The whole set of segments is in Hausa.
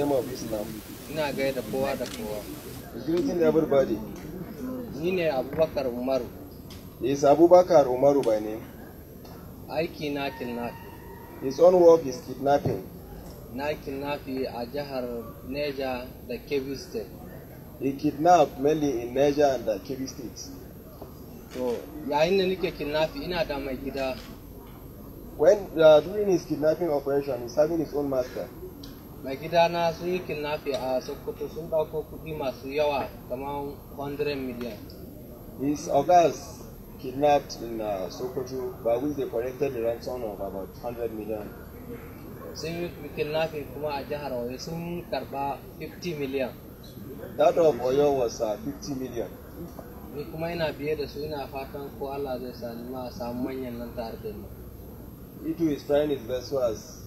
name of Islam. Ina gaida kowa da kowa. Greeting everybody. Ni ne Abubakar Umaru. Is Abubakar Umaru by name? Aiki na kidnapping. His own work is kidnapping. Na kidnapping a jihar Neja da Kebbi State. He kidnapped mainly in Neja and the Kebbi States. To, yayin da nake kidnapping ina da mai gida. When uh, during his kidnapping operation, he's having his own master. mai gidana su yi kinnafi a sokoto sun ɗauko kuɗi masu yawa kamar 100 million his ogas kidnapped in uh, sokoto by which they collected the ransom of about 100 million sun yi kinnafi kuma a jihar oyo sun karba 50 million that of oyo was uh, 50 million ni kuma ina biye da su ina fatan ko allah zai sami ma samu manyan nan tare da ni ito is trying his best was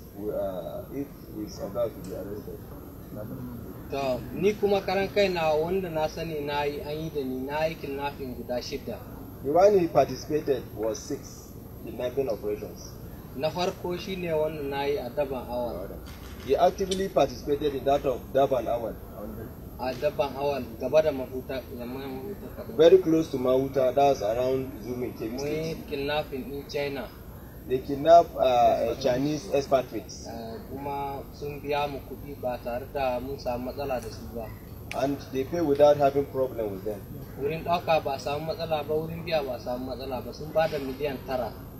ni kuma karan kai na wanda na sani na yi an yi da ni na yi kidnapping guda shida the participated was six operations na farko wanda na yi a daban awal he actively participated in that of daban awal a daban awal gaba da mahuta very close to mahuta that's around zumi kebbi state mun in china they kidnap uh, Chinese expatriates. And they pay without having problem with them.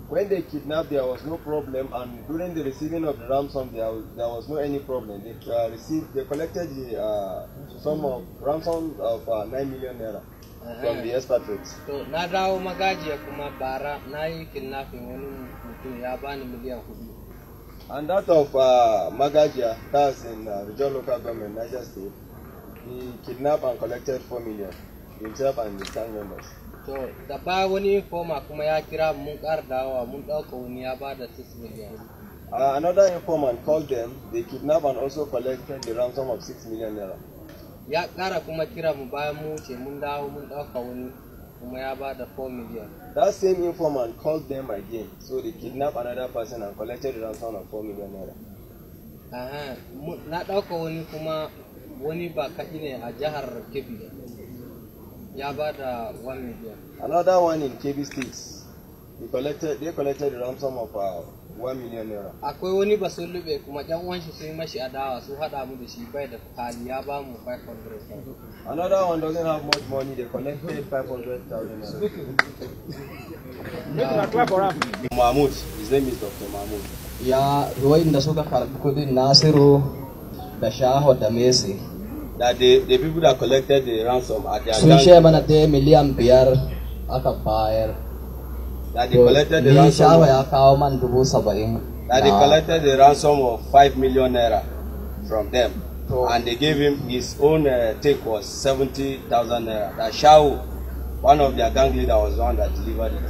When they kidnapped, there was no problem, and during the receiving of the ransom, there was, there was no any problem. They uh, received, they collected the uh, sum of ransom of uh, nine million naira. from the expert to na dawo magajiya kuma bara na yi kidnapping wani mutum ya bani miliyan hudu and that of uh, Magagia, that's in uh, regional local government, Niger State, he kidnapped and collected 4 million, himself and his gang members. So, da ba wani informer kuma ya kira mun kar dawa mun ɗauka wani ya ba da 6 million. Uh, another informant called them, they kidnapped and also collected the ransom of 6 million naira. ya ƙara kuma kira mu bayan mu wuce mun dawo mun ɗauka wani kuma ya ba da 4 million. That same informant called them again, so they kidnapped another person and collected the ransom of 4 million naira. Aha, na ɗauka wani kuma wani ba kaɗi ne a jihar Kebbi. Ya ba da 1 million. Another one in Kebbi States. They collected, they collected the ransom of uh, akwai wani lube kuma yan uwan shi sun mashi adawa su hada mu da shi bai da kali ya ba mu 500000 another one doesn't have much money they collected 500,000 Mahmoud his name is Dr. Mahmoud ya da suka karbi kudin Nasiru da Shaho da Messi that the, the people that collected the ransom at their sun share mana da miliyan biyar aka bayar That they collected the ransom. Ni That they collected the ransom of five million naira from them. So, and they gave him his own uh, take was seventy thousand naira. That Shawu, one of their gang leader, was the one that delivered it.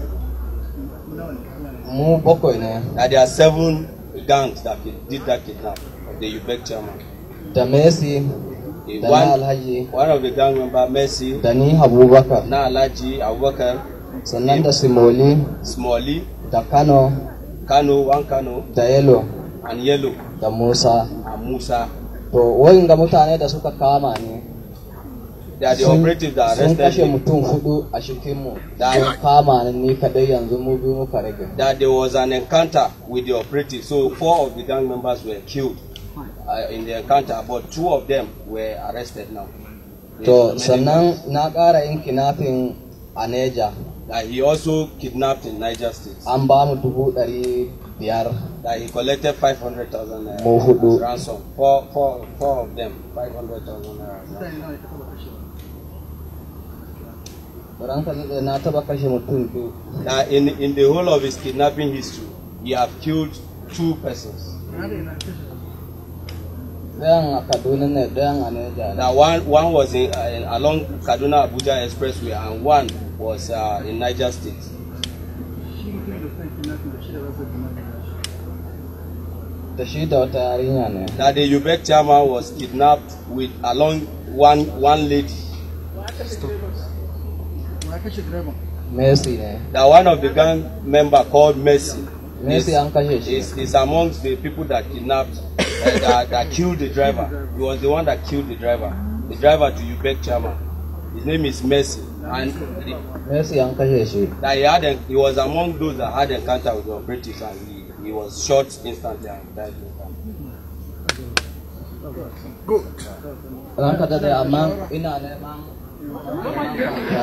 Mu bakwai ne. That there are seven gangs that did that kidnap of the Ubek chairman. Da Messi, Alhaji. One of the gang member Messi. Dani ni Abubakar. Na Alhaji Abubakar. sannan da simoli simoli da kano kano wan kano da yellow an yellow da musa a musa to wayin ga mutane da suka kama ne sun kashe mutum hudu a cikinmu sun kama ni kadai yanzu mu biyu muka rage that there was an encounter with the operative so four of the gang members were killed uh, in the encounter but two of them were arrested now to sannan na ƙara yin kinafin a That he also kidnapped in Niger State. Amba ba mu dubu That he collected 500,000 naira ransom. Four, four, four of them, 500,000 naira. na in, in the whole of his kidnapping history, he have killed two persons. Now one one was in, uh, in along Kaduna Abuja Expressway and one was uh, in Niger State. The That the Ubek chairman was kidnapped with along one one lady. Mercy. That one of the gang member called Mercy. Mercy is, is amongst the people that kidnapped that, that killed the driver. He was the one that killed the driver. The driver to Ubek Chama. His name is Mercy. And the, Mercy that he, had a, he was among those that had encounter with the British, and he, he was shot instantly and died Good. Good.